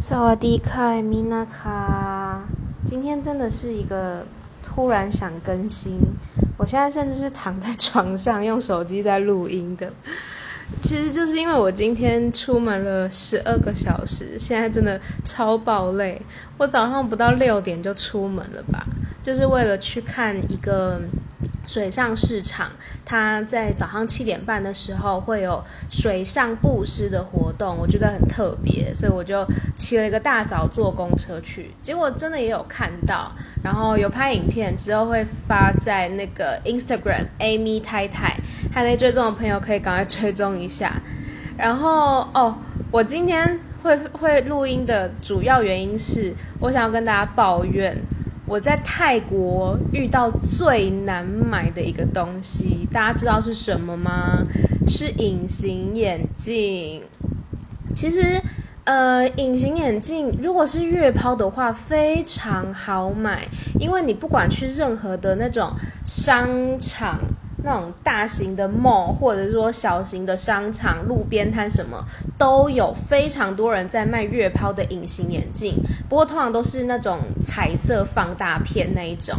薩瓦迪卡、米娜卡今天真的是一個突然想更新。我現在甚至是躺在床上用手機在錄音的，其實就是因為我今天出門了十二個小時，現在真的超爆累。我早上不到六點就出門了吧，就是為了去看一個。水上市場，它在早上七點半的時候會有水上布施的活動，我覺得很特別，所以我就起了一個大早坐公車去，結果真的也有看到，然後有拍影片之後會發在那個 Instagram Amy 太太，還沒追蹤的朋友可以趕快追蹤一下。然後哦，我今天會會錄音的主要原因是我想要跟大家抱怨。我在泰國遇到最難買的一個東西，大家知道是什麼嗎？是隱形眼鏡。其實，呃，隱形眼鏡如果是月拋的話，非常好買，因為你不管去任何的那種商場。那種大型的 mall，或者說小型的商場、路邊攤，什麼都有，非常多人在賣月拋的隱形眼鏡。不過通常都是那種彩色放大片那一種。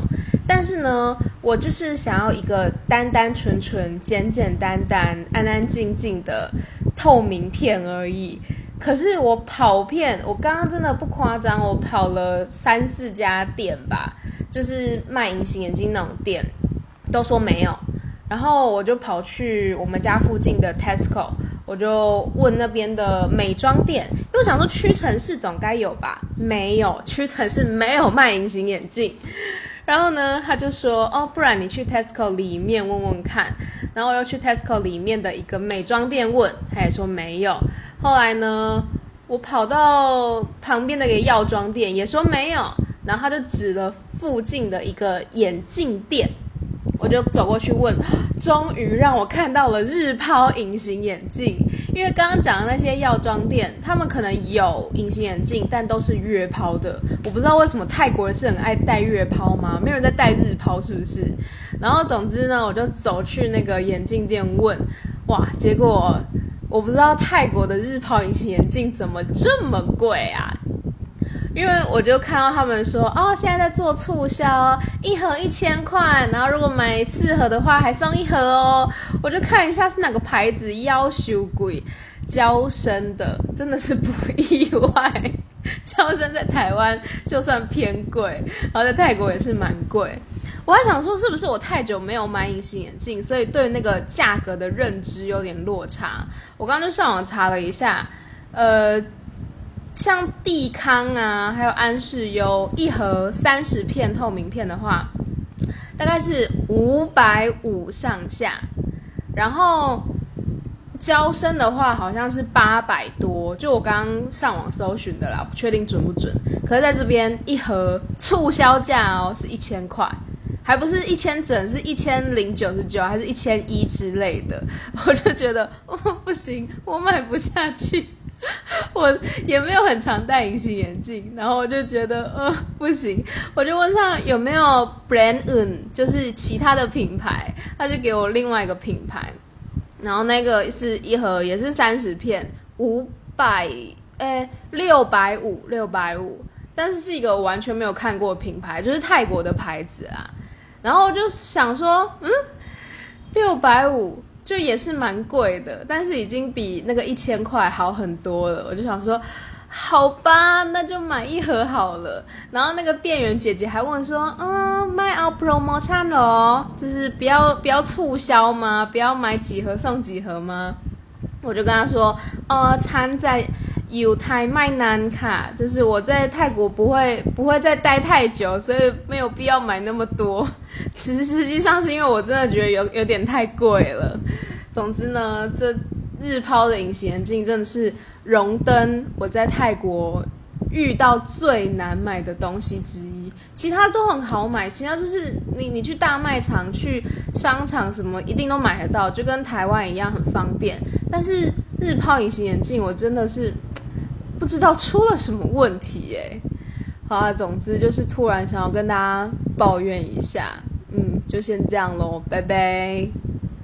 但是呢，我就是想要一個單單純純、簡簡單單、安安靜靜的透明片而已。可是我跑片，我剛剛真的不誇張，我跑了三四家店吧，就是賣隱形眼鏡那種店，都說沒有。然後我就跑去我們家附近的 Tesco，我就問那邊的美妝店，因為我想說屈臣氏總該有吧？沒有，屈臣氏沒有賣隱形眼鏡。然後呢，他就說哦，不然你去 Tesco 裡面問問看。然後我又去 Tesco 裡面的一個美妝店問，他也說沒有。後來呢，我跑到旁邊的一個藥妝店，也說沒有。然後他就指了附近的一個眼鏡店。我就走過去問，終於讓我看到了日拋隱形眼鏡。因為剛剛講的那些藥妝店，他們可能有隱形眼鏡，但都是月拋的。我不知道為什麼泰國人是很愛戴月拋嗎？沒有人在戴日拋是不是？然後總之呢，我就走去那個眼鏡店問，哇，結果我不知道泰國的日拋隱形眼鏡怎麼這麼貴啊？因為我就看到他們說哦，現在在做促銷，一盒一千塊，然後如果買四盒的話還送一盒哦。我就看一下是哪個牌子，夭壽貴，嬌生的，真的是不意外。嬌生在台灣就算偏貴，然後在泰國也是蠻貴。我還想說是不是我太久沒有買隱形眼鏡，所以對那個價格的認知有點落差。我剛剛就上網查了一下，呃。像帝康啊，還有安視優，一盒三十片透明片的話，大概是五百五上下。然後嬌生的話，好像是八百多，就我剛剛上網搜尋的啦，不確定準不準。可是在這邊一盒促銷價哦，是一千塊，還不是一千整，是一千零九十九，還是一千一之類的，我就覺得，我不行，我買不下去。 我也沒有很常戴隱形眼鏡，然後我就覺得呃不行，我就問上有沒有 brand un，就是其他的品牌，他就給我另外一個品牌，然後那個是一盒也是三十片，五百誒六百五六百五，650, 650, 但是是一個完全沒有看過品牌，就是泰國的牌子啊，然後我就想說嗯六百五。650, 就也是蠻貴的，但是已經比那個一千塊好很多了。我就想說，好吧，那就買一盒好了。然後那個店員姐姐還問說，嗯，賣 promo 餐咯，就是不要不要促銷嗎？不要買幾盒送幾盒嗎？我就跟她說，哦、嗯、餐在。有台賣難卡，就是我在泰國不會不會再待太久，所以沒有必要買那麼多。其實實際上是因為我真的覺得有有點太貴了。總之呢，這日拋的隱形眼鏡真的是榮登我在泰國遇到最難買的東西之一。其他都很好買，其他就是你你去大賣場、去商場什麼一定都買得到，就跟台灣一樣很方便。但是日拋隱形眼鏡我真的是。不知道出了什麼問題耶，好啊，總之就是突然想要跟大家抱怨一下，嗯，就先這樣嘍，拜拜。